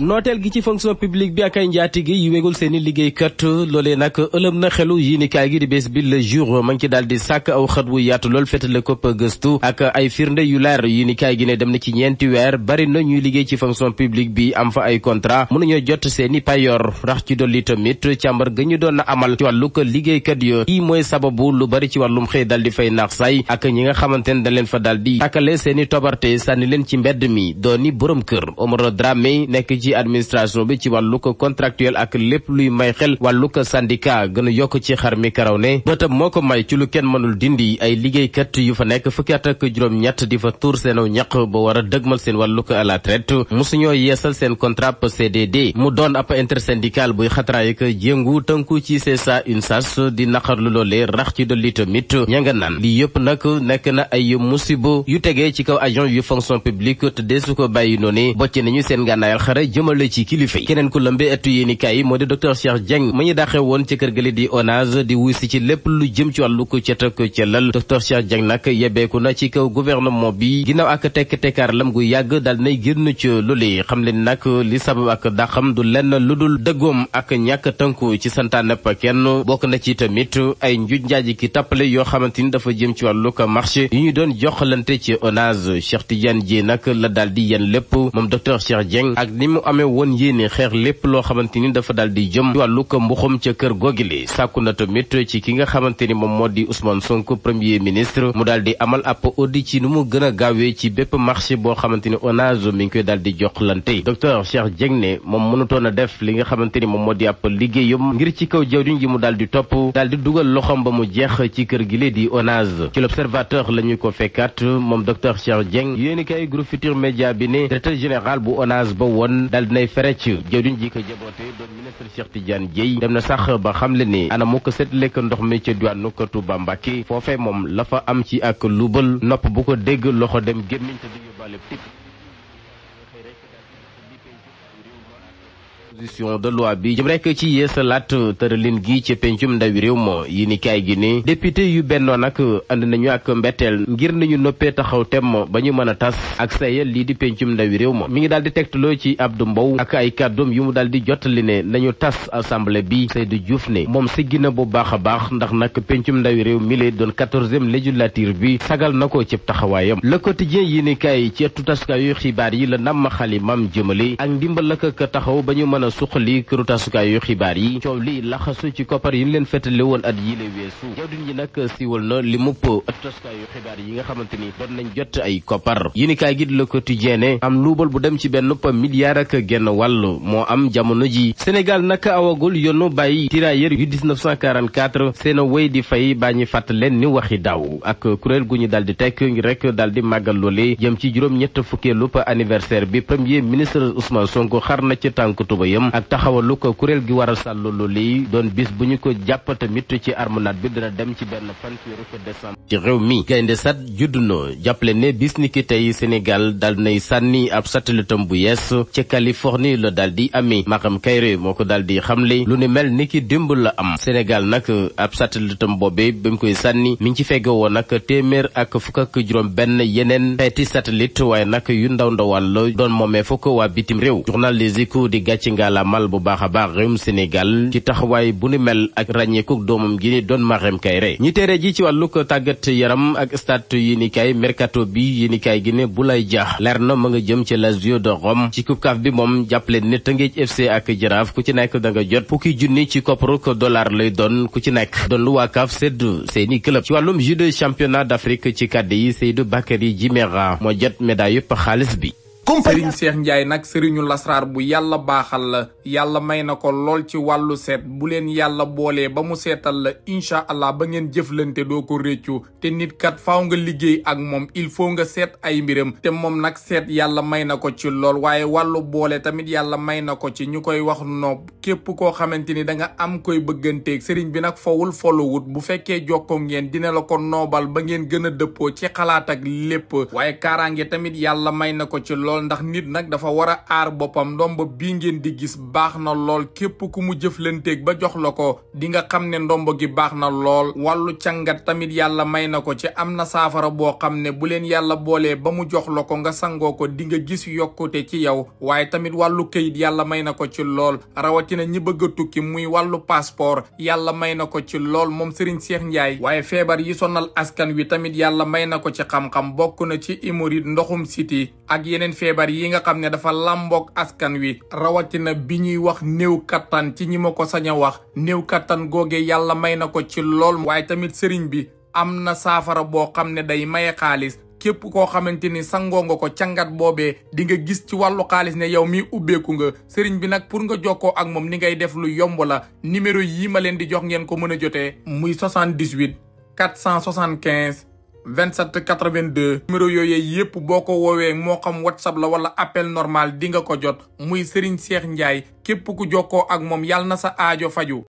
nooteel gi ci fonction publique bi ak ay njaatige yi wégul seen i liggéeykat loolee nag ëlëm na xelu yi gi di bés bi le jour ma ngi ci daal di sàkk aw xët wu yaatu lool féetale kopp gëstu ak ay firnde yu leer yi ni gi ne dem na ci ñeenti weer bari na ñuy liggéey ci fonction publique bi am fa ay contrat mënuñoo jot seeni i payoor rax ci dolli tamit càmbar ga ñu doon na amal ci wàllu ko liggéeykat yo kii mooy sababu lu bari ci wàllum xëy daal di fay naax say ak ñi nga xamante ne dañ leen fa daal di tàkkale seen tobarte sànni leen ci mbedd mi dooni borom kër ci administration bi ci wàllu ko contractuel ak lépp luy may xel wàllu ko syndicat gën a yokk ci xar mi karaw ne bëtam moo ko may ci lu kenn mënul dindi ay liggéeykat yu fa nekk fukki at juróom-ñett di fa tuur seenaw ñaq ba war a dëgmal seen wàllu ko à la traite yeesal seen contrat CDD mu doon ab intersyndical buy xatraay ak tënku ci CSA UNSAS di naqarlu loolee rax ci dolli tamit ña naan lii yëpp nag nekk na ay musiba yu tegee jëmale ci kilifa yi keneen ku lëmbe ettu yéenikaay moo di docteur Cheikh Dieng ma ñu daaxee woon ci kër gële di ONAS di wuy si ci lépp lu jëm ci wàllu ko cet ak cëlal docteur Cheikh Dieng nag yebeeku na ci kaw gouvernement bi ginnaaw ak tekk tekkaar lam gu yàgg daal nay génn ci loolee xam leen nag li sabab ak daxam du lenn lu dul dëggoom ak ñàkk tënku ci santaanep kenn bokk na ci tamit ay njuj njaaji ki tàppale yoo xamante ni dafa jëm ci wàllu ko marché yi ñu doon joxalante ci ONAS Cheikh Tidiane ji nag la daal amee woon yéene xeex lépp loo xamante ni dafa daal di jëm ci wàllu ko mbuxum ca kër googile sàkku na tamit ci ki nga xamante moom moo di Ousmane Sonko premier ministre mu daal amal ab audit ci nu mu gën a gaawee ci bépp marché boo xamante ni mi ngi koy daal di joxlante docteur Cheikh Dieng ne moom mënutoon def li nga xamante ni moom moo di ab liggéeyam ngir ci kaw jawriñ ji mu daal di topp daal dugal loxoom ba mu jeex ci kër gi lee di ONAS ci l'observateur la ko fekkaat moom docteur Cheikh Dieng yéen kay groupe Futur Média bi ne daal dinay ferec jëwriñ ji ko jaboote doon ministre Cheikh jaan Dièye dem na sax ba xamle ni ana mu ko seet ko ndox mi ca diwaanu ko Touba Mbàkke foofee moom la fa am ci ak lubal nopp bu ko dégg loxo dem gémmiñ te du yóbbaale tipp proposition de loi bi jëm rek ci yeesalaat tëralin gi ci pencum ndawi réew ma yi ni kaay gi ni député yu bennoo nag ànd nañu ak mbetteel ngir nañu noppee taxaw temm ba ñu mën a tas ak sayal lii di pencum ndawi réew ma mi ngi daal di tegtaloo ci Abdou Mbow ak ay kàddoom yu mu daal di jottali ne nañu tas assemblée bi Seydou Diouf ni moom si gina bu baax a baax ndax nag pencum ndawi réew mi lay doon quatorzième législature bi sagal na ko ca taxawaayam la quotidien yi ni ci ëttu taskaayu yi la namm xalimam jëmale ak a a suqali këru tasukaayu xibaar yi coow lii laxasu ci koppar yi ñu leen féetale woon at yii weesu jawdin yi nag siiwal na li mupp at tasukaayu xibaar yi nga xamante doon nañ jot ay koppar yi ni kaay gi Le Quotidien am luubal bu dem ci benn milliard ak genn wàll moo am jamono ji Sénégal nag awagul yoonu bàyyi tirailleurs yu 1944 seen di fay baa ñu fàtt leen ni waxi daaw ak kuréel gu ñu daal di tekk ngir rek daal di màggal loole jëm ci juróom-ñett fukkeelu taxawaayam ak taxawalu ko kuréel gi waral a sàllalu lii doon bis bu ñu ko jàpp tamit ci armonat bi dina dem ci benn fan ci weeru ci réew mi gaynde sat judd jàppale ne bis ni ki tey Sénégal dal nay sànni ab satelitam bu yees ca Californie la dal di amee Maxam Kayre moo ko daal di xamle lu ne mel ni ki démb la am Sénégal nag ab satelitam boobe ba mu koy sànni mi ngi ci fegge woon nag téeméer ak fukk ak juróom benn yeneen xeeti satelit waaye nag yu ndaw ndawaan la doon ngalamal bu baax a baax réewum Sénégal ci taxawaay bu ni mel ak ràññeekuk doomam gi ni doon Maxem Kayre ñi téere ji ci wàllug tàggat yaram ak stade yi ni kay mercato bi yi ni kay gi ne lay Dia leer na ma nga jëm ci Lazio de Rome ci coupe bi moom jàppale ne Tëngéej FC ak Jaraaf ku ci nekk da nga jot fukki junni ci kopparuk dollar lay doon ku ci nekk doon lu waa CAF sedd seeni club ci wàllum jeu de championnat d'Afrique ci kàddu yi Seydou Bakary Djimera moo jot médaille yëpp xaalis bi Serigne Cheikh Ndiaye nag Serigne lasraar bu yàlla baaxal la yàlla may na ko lool ci wàllu seet bu leen yàlla boolee ba mu seetal la incha allah ba ngeen jëflante doo ko réccu te nit kat faaw nga liggéey ak moom il faut nga seet ay mbiram te moom nag seet yàlla may na ko ci lool waaye wàllu boole tamit yàlla may na ko ci ñu koy wax noob képp koo xamante ni da nga am koy bëgganteeg sëriñ bi nag fowul folowut bu fekkee jokkoo ngeen dina la ko noobal ba ngeen gën a dëppoo ci xalaat lool ndax nit nag dafa war a aar boppam ndomba bii ngeen di gis baax na lool képp ku mu jëflanteeg ba jox la ko di nga xam ne ndomba gi baax na lool wàllu càngat tamit yàlla may na ko ci am na saafara boo xam ne bu leen yàlla boolee ba mu jox la ko nga sangoo ko di nga gis yokkute ci yow waaye tamit wàllu kayit yàlla may na ko ci lool rawatina ñi bëgg tukki muy wàllu passeport yàlla may na ko ci lool moom Serigne Cheikh Ndiaye waaye feebar yi sonal askan wi tamit yàlla may na ko ci xam bokk na ci hémorroïde ndoxum siti feebar yi nga xam ne dafa làmbook askan wi rawatina bi ñuy wax néew kattan ci ñi ma ko sañ a wax néew kattan googe yàlla may na ko ci lool waaye tamit sëriñ bi am na saafara boo xam ne day maye xaalis képp koo xamante ni sangoo nga ko cangat boobee di nga gis ci wàllu xaalis ne yow mi ubbeeku nga sëriñ bi nag pour nga jokkoo ak moom ni ngay def lu yomb la numéro yii ma leen di jox ngeen ko mën a jotee muy 78 475 27 82 numéro yooyu yépp boo ko woowee moo xam whatsapp la wala appel normal di nga ko jot muy Serigne Cheikh Ndiaye képp ku jokkoo ak moom yàlla na sa aajo faju